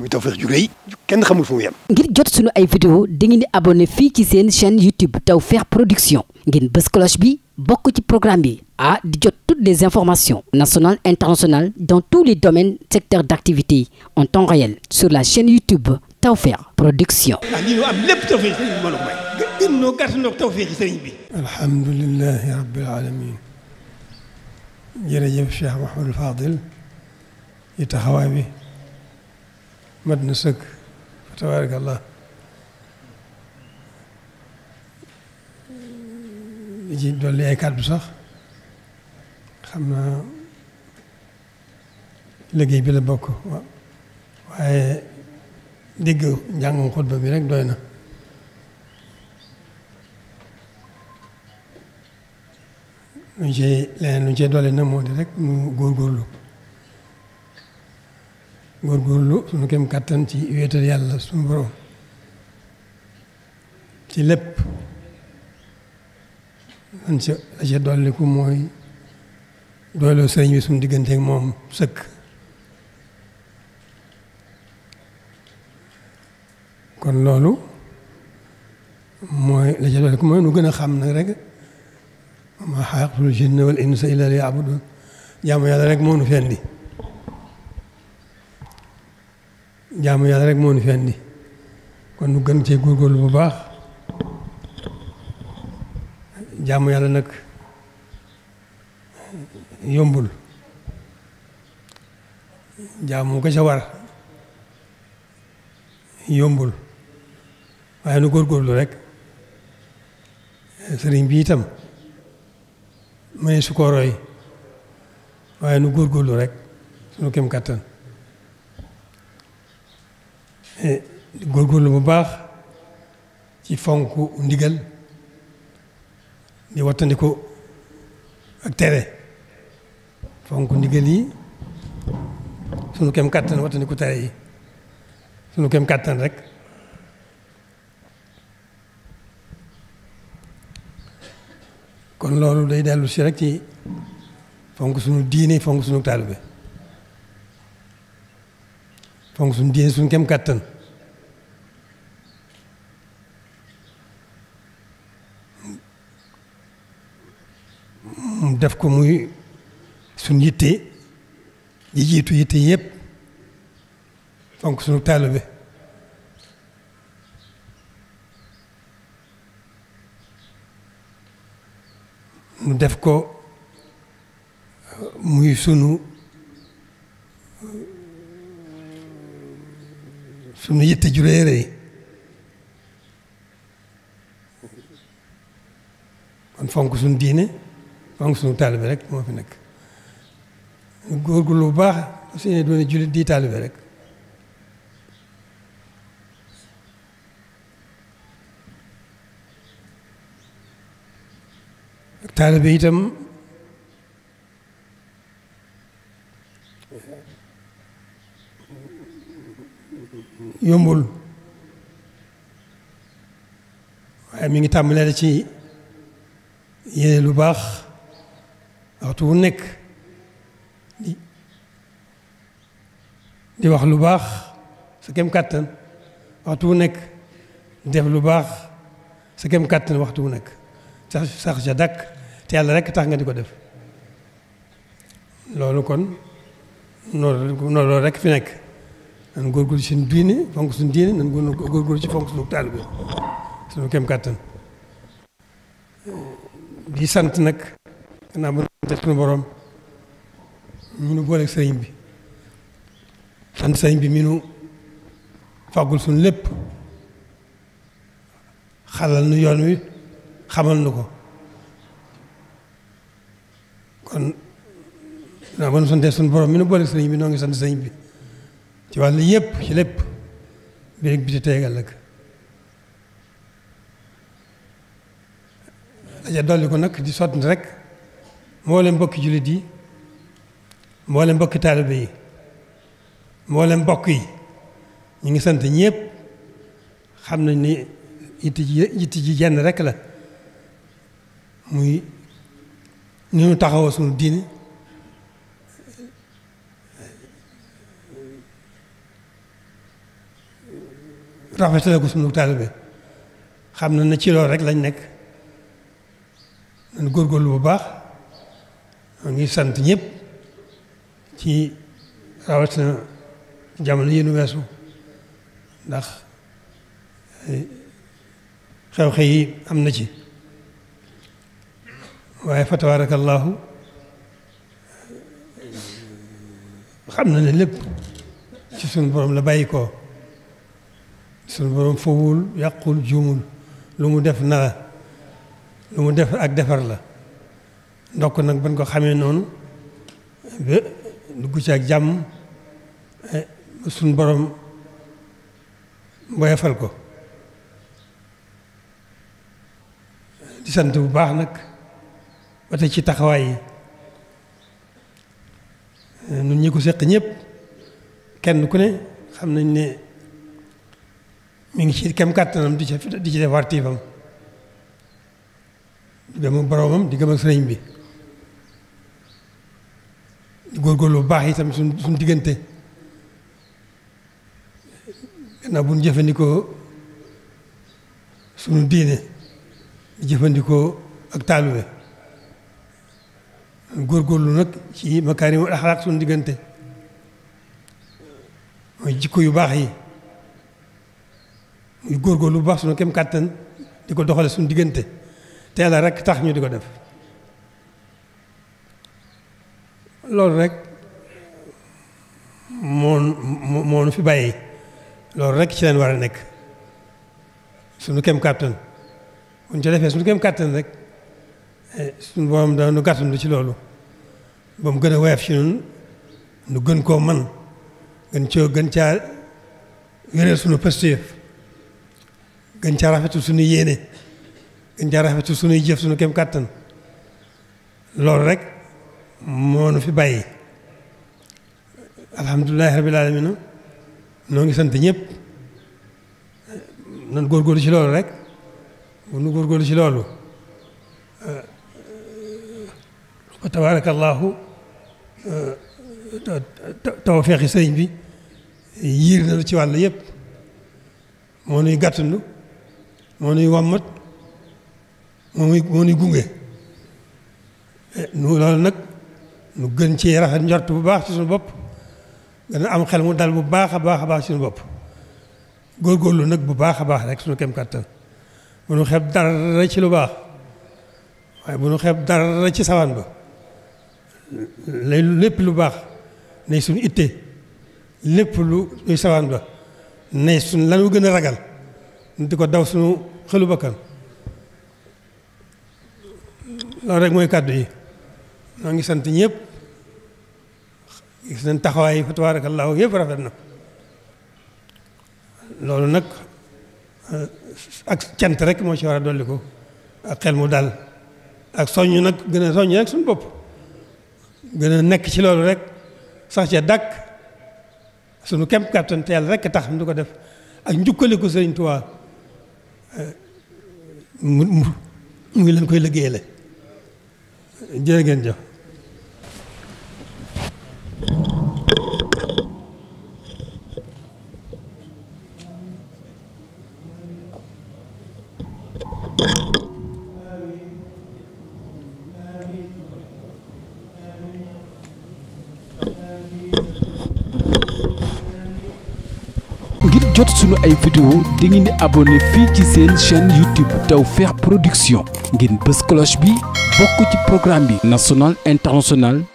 muy Tawfekh ju rëy kenn xamul fu mu yem. ngir jot sunu ay vidéo dangeen di abonné fii ci seen chaîne YouTube Tawfekh Production ngeen bës bi bokk ci programme bi ah di jot toutes des informations nationale internationales dans tous les domaines secteurs d'activité en temps réel sur la chaîne YouTube Tawfekh Production. ah lii am lépp Tawfekh sëriñ bi mbooloo mooy. gën alamin jërëjëf Cheikh Mouhamadou Fadil ci taxawaay bi. mat na sëk fa tabaarakallah li ci dolli ay kàddu sax xam na liggéey bi la bokk waaw waaye dégg njàngum xutba bi rek doy na luñ cee leneen luñ cee dolli na moo di rek mu góorgóorlu suñu kem kàttan ci wéetal yàlla suñu borom ci lépp lan ca la ca dolliku mooy dooloo sëriñ bi suñu digganteeg moom sëkk kon loolu mooy la ca dolliku mooy nu gën a xam nag rek ma xalaqtul jinna wal insa illa liya'budun jaamu yàlla rek moo nu fendi jaamu yàlla rek moo nu fi andi kon nu gën cee góorgóorlu bu baax jaamu yàlla nag yombul jaamu ko ca war yombul waaye nu góorlu rek sëriñ bi itam mënee su ko waaye nu góor góorlu rek sunu kem kàttan Eh, góorgóorlu bu baax ci fonk ndigal di wattandiku ak tere fonk ndigal yi sunu kem kàttan wattandiku tere yi sunu kem kàttan rek kon loolu day dellu si rek ci fonk sunu diine fonk sunu bi fonk suñ diine suñ kem kàttan mu def ko muy suñ yitte ji jiitu yitte yëpp fonk suñu taalibe mu def ko muy sunu sunu yitte ju rëy rëy kon fonk sunu diine fonk sunu taalibe rek moo fi nekk ñu góorgóorlu baax su ne doone jullit di taalibe rek taalibe itam yombul waaye mi ngi tàmbalee ci yéene lu baax waxtu wu nekk di wax lu baax sa kem kàttan waxtu wu nekk def lu baax sa kem kàttan waxtu wu nekk sax sax ca dàkk te yàlla rekk tax nga di ko def loolu kon noonu loolu rek fi nekk nan góorgóorlu ci suñu diine fonk suñu diine nan góorgóorlu ci fonk suñu taalibe suñu kem kàttan di sant nag naa bu ñu suñu borom ñu nu sëriñ bi sant sëriñ bi mi nu fàggul suñu lépp xalal nu yoon wi xamal nu ko kon naa mën santee suñu borom mi nu boole sëriñ bi noo ngi sant bi ci wàllu yëpp ci lépp bi rek bi ci teegal nag daja dolli ko nag di sotti rek mboolem mbokki jullit yi mboolem mbokki taalibe yi mboolem mbokk yi ñu ngi sant ñëpp xam na ni itti ji itti ji jenn rek la muy ni ñu taxawoo suñu diini rafetale ko sunu taalibe xam na na ci lool rek lañ nekk nañ góorgóorlu bu baax ma ngi sant ñëpp ci rawatina jamono yi weesu ndax eh, xew am na ci waaye fa tabaarakallaahu xam na ne lépp ci sunu borom la bàyyi koo sunu borom fowul yàqul juumul lu mu def na lu mu def ak defar la ndox ndokk nag bañ ko xamee noonu ba dugg ci ak jàmm eh, suñ borom mboyafal ko di sant bu baax nag ba ci taxawaay yi eh, nu ñi ko seq ñëpp kenn ku ne xam nañ ne mi ngi ci kem kattana di ci di ci def wartiifam di gëm di gëm ak sëriñ bi di góorgóorlu bu baax itam suñ suñ diggante gannaaw bu ñu jëfandikoo suñu diine di jëfandikoo ak taalube góorgóorlu nag ci makaarimul axlaaq suñu diggante mooy jikko yu baax yi ñu góorgóorlu bu baax suñu kem kàttan di ko doxale suñu diggante te yàlla rek tax ñu di ko def loolu rek moo moo nu fi bàyyi loolu rek ci leen war a nekk suñu kem kàttan bu ñu ca defee suñu kem kàttan rek eh, suñu borom dana nu gàttandu ci loolu ba mu gën a woyof ci ñun nu gën koo man gën coo gën caa wéréel suñu pëstéef gën caa rafetu suñu yéene gën caa rafetu suñuy jëf suñu kem kàttan loolu rek moo nu fi bàyyi alhamdulilahi rabil alamina noo ngi sant ñëpp nan góorgóorlu ci loolu rek bu nu góorgóorlu ci loolu wa eh, tabarakallahu eh, tawfeexi sëriñ bi yiir na lu ci wàll yëpp moo nuy gàttandu moo nuy wàmmat moomuy moo nuy gunge eh, nu loolu nag nu gën ci rafet njort bu baax ci suñu bopp gën a am xel mu dal bu baax a baax a baax ci suñu bopp góorgóorlu nag bu baax a baax rek suñu kem kàttan bu nu xeeb dara ci lu baax waaye bu nu xeeb dara ci sawaan ba lay lépp lu baax nay suñu itte lépp lu luy sawaan ba nay suñ lanu gën a ragal di ko daw suñu xelu bakkan loolu rek mooy kàddu yi ñoo ngi sant ñëpp gis nañ taxawaay yi fa tabaarakallaahu yëpp rafet na loolu nag eh, ak cant rek moo ci war a dolli ko ak xel mu dal ak soññ nag gën a soññ rek suñu bopp gën a nekk ci loolu rek sax ca dàkk suñu kem kàttan teel rek tax ñu du ko def ak njukkaliku Sëriñ Tuubaa mu mu ngi leen koy liggéeyale jërë ngeen jot suñu ay vidéo da ngeen di abonné fii ci seen chaîne YouTube feex Production ngir bës cloche bi bokk ci programme bi national international